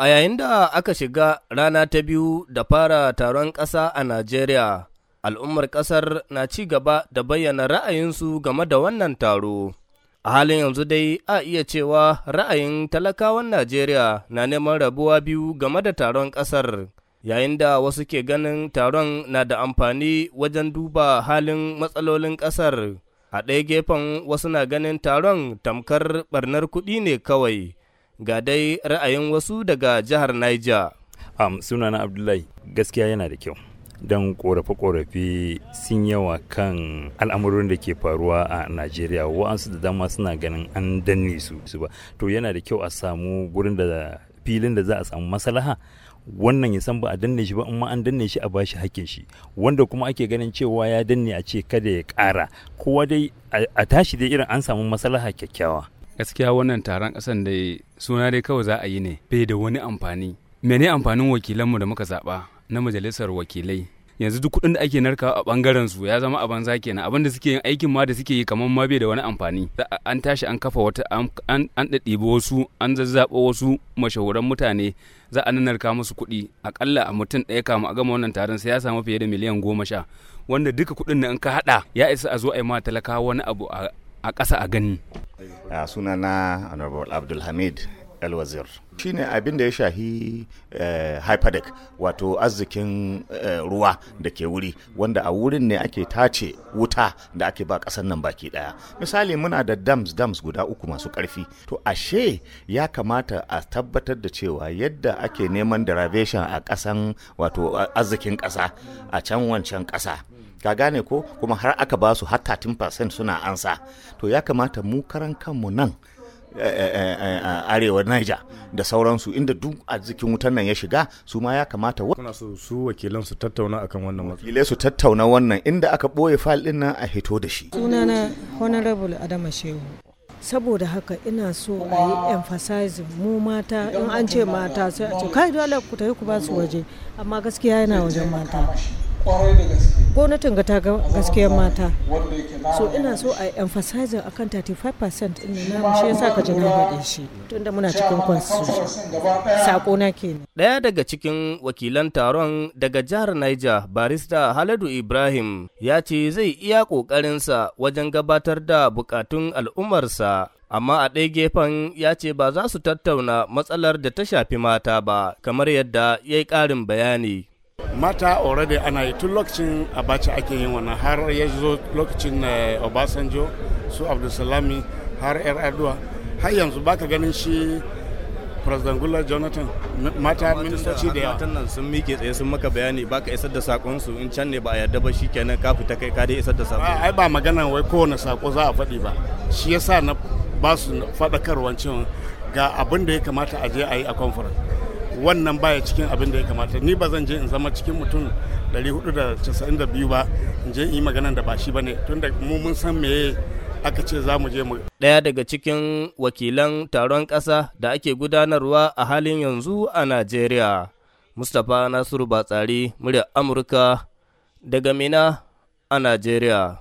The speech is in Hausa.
A yayin da aka shiga rana ta biyu da fara taron ƙasa a Najeriya, al'ummar ƙasar na ci gaba da bayyana ra'ayinsu game da wannan taro. A halin yanzu dai a iya cewa ra'ayin talakawan Najeriya na neman rabuwa biyu game da taron ƙasar, yayin da wasu ke ganin taron na da amfani wajen duba halin matsalolin ƙasar. A ɗaya gefen wasu na ganin taron tamkar ɓarnar kuɗi ne kawai. Ga dai ra'ayin wasu daga jihar Niger. Um, sunana Abdullahi gaskiya yana da kyau. don korafe-korafe sun yawa kan al'amuran da ke faruwa a najeriya wa'ansu da dama suna ganin an danne su ba to yana da kyau a samu gurin da filin da za a samu maslaha wannan ya san ba a danne shi ba amma an danne shi a bashi hakkin shi wanda kuma ake ganin cewa ya danne a ce kada ya kara kowa dai a tashi dai irin an samu maslaha kyakkyawa gaskiya wannan taron kasan da suna dai kawai za a yi ne bai da wani amfani mene amfanin wakilanmu da muka zaɓa na majalisar wakilai yanzu duk kuɗin da ake narkawa a ɓangaren su ya zama a banza kenan abin da suke yin aikin ma da suke yi kamar ma bai da wani amfani an tashi an kafa wata an ɗaɗɗibi wasu an zazzaba wasu mashahuran mutane za a nanarka musu kuɗi akalla a mutum ɗaya kama a gama wannan taron sai ya samu fiye da miliyan goma sha wanda duka kuɗin in ka haɗa ya isa a zo a yi ma talaka wani abu a ƙasa a gani a eh, sunana honorable abdulhamid elwazir shine abin da ya shahi eh, hyperdeck wato arzikin eh, ruwa da ke wuri wanda a wurin ne ake tace wuta da ake ba kasan nan baki daya misali muna da dams dams guda uku masu karfi to ashe ya kamata a tabbatar da cewa yadda ake neman derivation a kasan wato arzikin kasa a can wancan kasa ka gane ko kuma har aka ba su har 13% suna ansa to ya kamata mu karan kanmu nan eh, eh, eh, arewa niger da sauransu inda duk arzikin wutan nan ya shiga su ma ya kamata kuna su wakilan su tattauna akan wannan wakilai su tattauna wannan inda aka boye fal din nan a hito da shi sunana honorable adama shehu saboda haka ina so a yi emphasize mu mata in an ce mata sai a ce kai dole ku tafi ku ba su waje amma gaskiya yana wajen mata gwamnatin ga ta ga mata so ina so a emphasizing akan 35% ina na shi yasa ka ji na shi tunda muna cikin constitution sako na kenan daya daga cikin wakilan taron daga jihar Niger barista Haladu Ibrahim ya ce zai iya ƙoƙarinsa wajen gabatar da buƙatun al'ummarsa amma a ɗaya gefen ya ce ba za su tattauna matsalar da ta shafi mata ba kamar yadda ya yi ƙarin bayani mata already ana yi tun lokacin abacha ake yin wannan har ya zo lokacin eh, obasanjo su abdulsalami har yar aduwa har yanzu baka ganin shi president gula jonathan mata ministoci da yawa matan nan sun mike tsaye sun maka bayani baka isar da sakon su in can ne ba a yarda ba shikenan ka fita kai ka dai isar da sakon ai ba magana wai kowane sako za a faɗi ba shi yasa na ba su faɗakarwan cewa ga abin da ya kamata a je a yi a conference wannan baya cikin abin da ya kamata ni ba zan je in zama cikin mutum 492 ba in je in yi maganan da ba shi ba ne tun da mu mun san meye aka ce za mu je mu ɗaya daga cikin wakilan taron ƙasa da ake gudanarwa a halin yanzu a najeriya mustapha nasiru batsari muryar amurka daga mina a najeriya